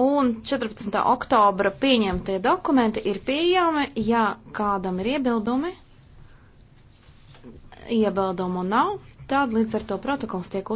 un 14. oktobra pieņemtie dokumenti ir pieejami, ja kādam ir iebildumi, iebildumu nav, tad līdz ar to protokols tiek uzsākts.